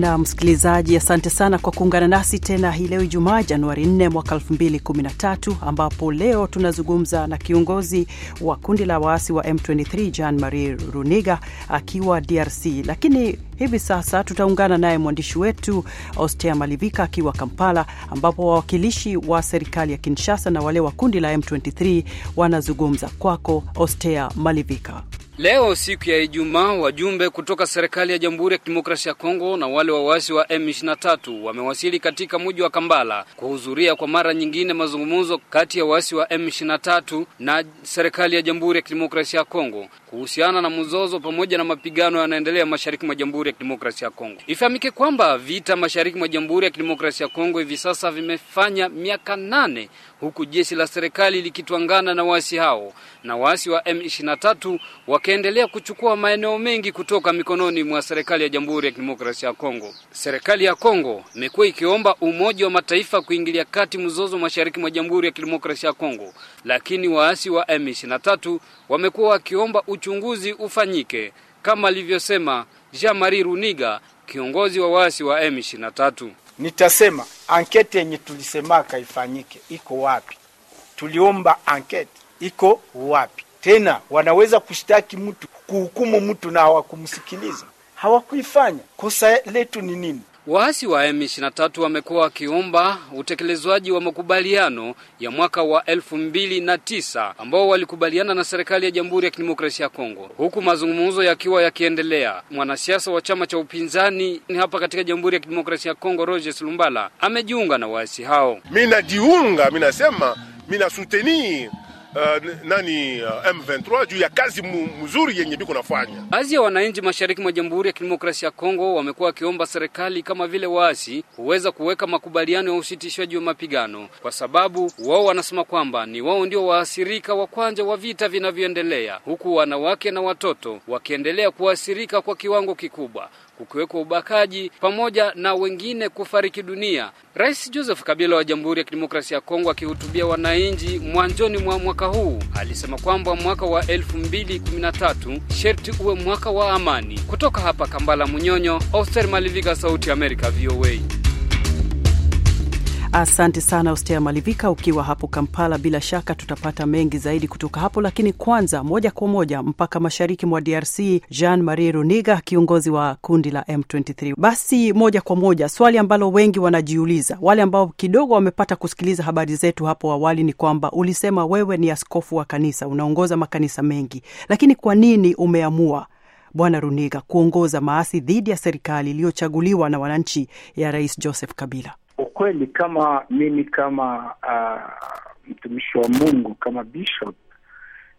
na msikilizaji, asante sana kwa kuungana nasi tena hii leo Ijumaa Januari 4 mwaka 213 ambapo leo tunazungumza na kiongozi wa kundi la waasi wa M23 Jean Marie Runiga akiwa DRC, lakini hivi sasa tutaungana naye mwandishi wetu Ostea Malivika akiwa Kampala, ambapo wawakilishi wa serikali ya Kinshasa na wale wa kundi la M23 wanazungumza. Kwako Ostea Malivika. Leo siku ya Ijumaa, wajumbe kutoka serikali ya Jamhuri ya Kidemokrasia ya Kongo na wale wa waasi wa M23 wamewasili katika mji wa Kambala kuhudhuria kwa mara nyingine mazungumzo kati ya waasi wa M23 na serikali ya Jamhuri ya Kidemokrasia ya Kongo kuhusiana na mzozo pamoja na mapigano yanaendelea mashariki mwa Jamhuri ya Kidemokrasia ya Kongo. Ifahamike kwamba vita mashariki mwa Jamhuri ya Kidemokrasia ya Kongo hivi sasa vimefanya miaka nane huku jeshi la serikali likitwangana na waasi hao na waasi wa M23 wa wakaendelea kuchukua maeneo mengi kutoka mikononi mwa serikali ya Jamhuri ya Kidemokrasia ya Kongo. Serikali ya Kongo imekuwa ikiomba Umoja wa Mataifa kuingilia kati mzozo mashariki mwa Jamhuri ya Kidemokrasia ya Kongo, lakini waasi wa M23 wamekuwa wakiomba uchunguzi ufanyike kama alivyosema Jean Marie Runiga, kiongozi wa waasi wa M23. Nitasema ankete yenye tulisemaka ifanyike iko wapi? Tuliomba ankete iko wapi? Tena wanaweza kushtaki mtu, kuhukumu mtu na hawakumsikiliza, hawakuifanya. Kosa letu ni nini? Waasi wa M23 wamekuwa wakiomba utekelezwaji wa makubaliano ya mwaka wa elfu na tisa ambao walikubaliana na serikali ya Jamhuri ya Kidemokrasia ya Kongo, huku mazungumzo yakiwa yakiendelea. Mwanasiasa wa chama cha upinzani ni hapa katika Jamhuri ya Kidemokrasia ya Kongo, roges Lumbala amejiunga na waasi hao. mi najiunga, mi nasema, mi nasutenir Uh, nani uh, M23 juu ya kazi mzuri yenye biko nafanya. Baadhi ya wananchi mashariki mwa Jamhuri ya Kidemokrasia ya Kongo wamekuwa wakiomba serikali kama vile waasi huweza kuweka makubaliano ya usitishwaji wa mapigano, kwa sababu wao wanasema kwamba ni wao ndio waathirika wa kwanza wa vita vinavyoendelea, huku wanawake na watoto wakiendelea kuathirika kwa kiwango kikubwa kukiwekwa ubakaji pamoja na wengine kufariki dunia. Rais Joseph Kabila wa Jamhuri ya Kidemokrasia ya Kongo akihutubia wananchi mwanzoni mwa mwaka huu alisema kwamba mwaka wa 2013 sherti uwe mwaka wa amani. Kutoka hapa Kambala Munyonyo, Oster Malivika, Sauti ya Amerika, VOA. Asante sana Ustea Malivika ukiwa hapo Kampala. Bila shaka tutapata mengi zaidi kutoka hapo, lakini kwanza, moja kwa moja mpaka mashariki mwa DRC, Jean Marie Runiga, kiongozi wa kundi la M23. Basi moja kwa moja swali ambalo wengi wanajiuliza, wale ambao kidogo wamepata kusikiliza habari zetu hapo awali, ni kwamba ulisema wewe ni askofu wa kanisa, unaongoza makanisa mengi, lakini kwa nini umeamua Bwana Runiga kuongoza maasi dhidi ya serikali iliyochaguliwa na wananchi ya Rais Joseph Kabila? kweli kama mimi kama uh, mtumishi wa Mungu kama bishop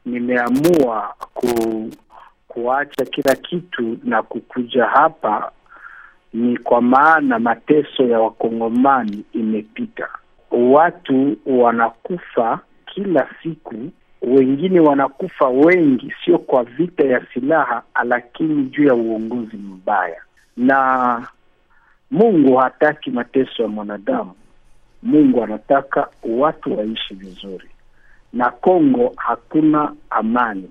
nimeamua ku, kuacha kila kitu na kukuja hapa, ni kwa maana mateso ya wakongomani imepita. Watu wanakufa kila siku, wengine wanakufa wengi, sio kwa vita ya silaha, lakini juu ya uongozi mbaya na Mungu hataki mateso ya mwanadamu. Mungu anataka watu waishi vizuri, na Kongo hakuna amani,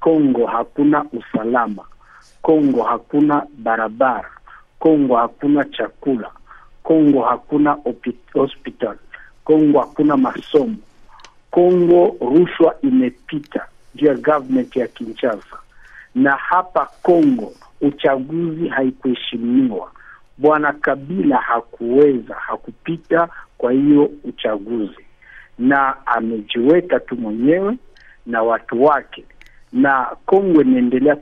Kongo hakuna usalama, Kongo hakuna barabara, Kongo hakuna chakula, Kongo hakuna hospital, Kongo hakuna masomo, Kongo rushwa imepita juu ya government ya Kinshasa, na hapa Kongo uchaguzi haikuheshimiwa Bwana Kabila hakuweza, hakupita kwa hiyo uchaguzi, na amejiweka tu mwenyewe na watu wake na Kongo inaendelea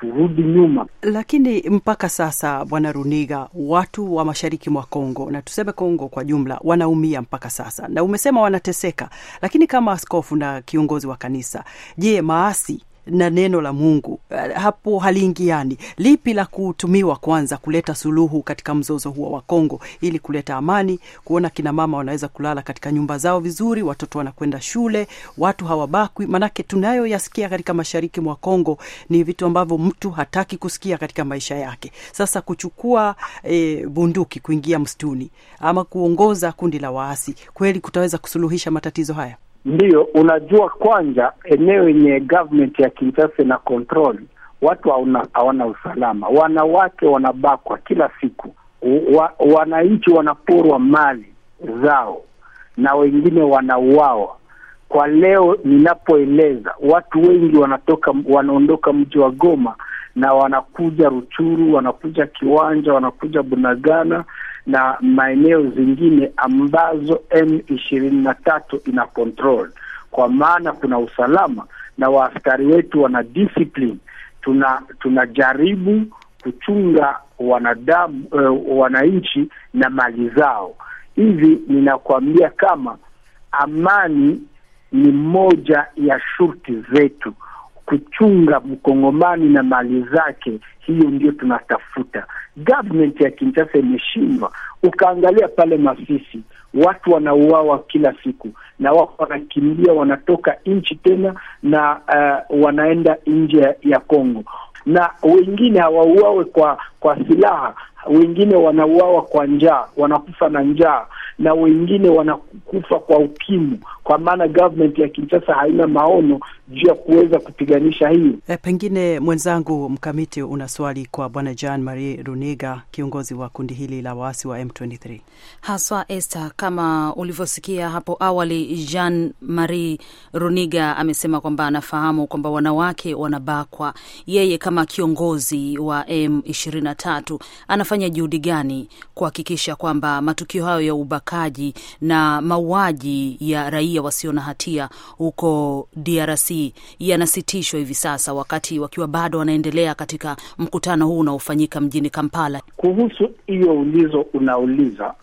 kurudi nyuma. Lakini mpaka sasa, Bwana Runiga, watu wa mashariki mwa Kongo na tuseme Kongo kwa jumla wanaumia mpaka sasa, na umesema wanateseka, lakini kama askofu na kiongozi wa kanisa, je, maasi na neno la Mungu eh, hapo haliingiani. Lipi la kutumiwa kwanza kuleta suluhu katika mzozo huo wa Kongo, ili kuleta amani, kuona kina mama wanaweza kulala katika nyumba zao vizuri, watoto wanakwenda shule, watu hawabakwi? Manake tunayoyasikia katika mashariki mwa Kongo ni vitu ambavyo mtu hataki kusikia katika maisha yake. Sasa kuchukua e, bunduki kuingia msituni ama kuongoza kundi la waasi, kweli kutaweza kusuluhisha matatizo haya? Ndiyo, unajua kwanza, eneo yenye government ya Kinshasa na control, watu hawana usalama, wanawake wanabakwa kila siku, wananchi wanaporwa mali zao na wengine wanauawa. Kwa leo ninapoeleza, watu wengi wanatoka wanaondoka mji wa Goma na wanakuja Ruchuru, wanakuja Kiwanja, wanakuja Bunagana na maeneo zingine ambazo M ishirini na tatu ina control, kwa maana kuna usalama na waaskari wetu wana discipline. Tuna tunajaribu kuchunga wanadamu uh, wananchi na mali zao. Hivi ninakuambia kama amani ni moja ya shurti zetu kuchunga mkongomani na mali zake. Hiyo ndio tunatafuta. Government ya Kinshasa imeshindwa. Ukaangalia pale Masisi, watu wanauawa kila siku na wao wanakimbia, wanatoka nchi tena na uh, wanaenda nje ya Kongo, na wengine hawauawe kwa kwa silaha, wengine wanauawa kwa njaa, wanakufa na njaa, na wengine wanakufa kwa ukimu, kwa maana government ya Kinshasa haina maono juu ya kuweza kupiganisha hii. E, pengine mwenzangu mkamiti, una swali kwa Bwana Jean Marie Runiga, kiongozi wa kundi hili la waasi wa M23 haswa. Esther, kama ulivyosikia hapo awali, Jean Marie Runiga amesema kwamba anafahamu kwamba wanawake wanabakwa. Yeye kama kiongozi wa M23 anafanya juhudi gani kuhakikisha kwamba matukio hayo ya ubakaji na mauaji ya raia wasio na hatia huko DRC yanasitishwa hivi sasa, wakati wakiwa bado wanaendelea katika mkutano huu unaofanyika mjini Kampala. Kuhusu hiyo ulizo unauliza,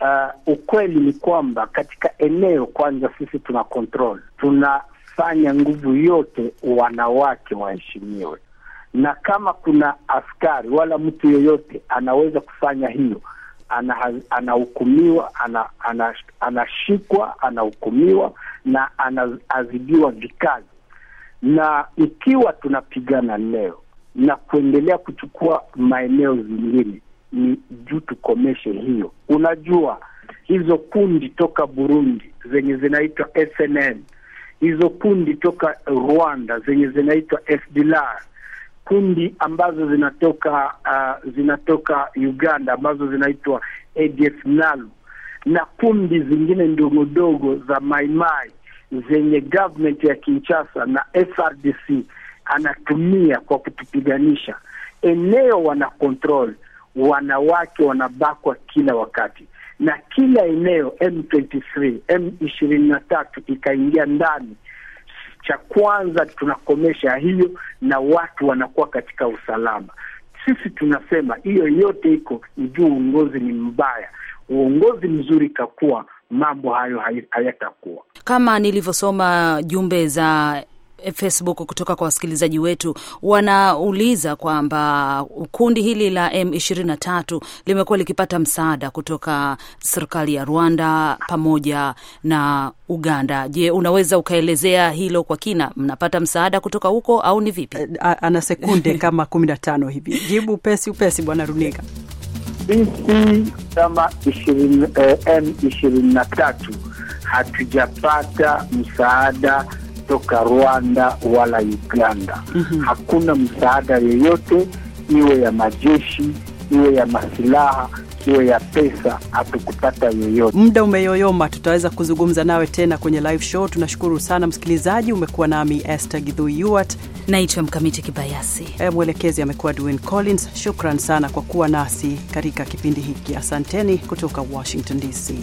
uh, ukweli ni kwamba katika eneo kwanza, sisi tuna control, tunafanya nguvu yote wanawake waheshimiwe, na kama kuna askari wala mtu yoyote anaweza kufanya hiyo anahukumiwa, ana ana, anashikwa, anahukumiwa na anaadhibiwa vikazi Na ikiwa tunapigana leo na kuendelea kuchukua maeneo zingine, ni juu tukomeshe hiyo. Unajua hizo kundi toka Burundi zenye zinaitwa SNL, hizo kundi toka Rwanda zenye zinaitwa fdlar kundi ambazo zinatoka uh, zinatoka Uganda ambazo zinaitwa ADF NALU na kundi zingine ndogondogo za maimai zenye government ya Kinshasa na FRDC anatumia kwa kutupiganisha. Eneo wana control, wanawake wanabakwa kila wakati, na kila eneo M23 M23 ikaingia ndani cha kwanza tunakomesha hiyo, na watu wanakuwa katika usalama. Sisi tunasema hiyo yote iko ni juu uongozi ni mbaya. Uongozi mzuri kakuwa mambo hayo hayatakuwa kama nilivyosoma jumbe za Eh, Facebook kutoka kwa wasikilizaji wetu wanauliza kwamba kundi hili la M23 limekuwa likipata msaada kutoka serikali ya Rwanda pamoja na Uganda. Je, unaweza ukaelezea hilo kwa kina? Mnapata msaada kutoka huko au ni vipi? Eh, ana sekunde kama 15 hivi, jibu upesi upesi, Bwana Runiga. Sisi kama M23 hatujapata msaada kutoka Rwanda wala Uganda. mm -hmm. Hakuna msaada yoyote, iwe ya majeshi, iwe ya masilaha, iwe ya pesa, hatukupata yoyote. Muda umeyoyoma, tutaweza kuzungumza nawe tena kwenye live show. Tunashukuru sana msikilizaji, umekuwa nami Esther Gidhui Yuat, naitwa Mkamiti Kibayasi, eh, mwelekezi amekuwa Dwin Collins. Shukran sana kwa kuwa nasi katika kipindi hiki, asanteni kutoka Washington DC.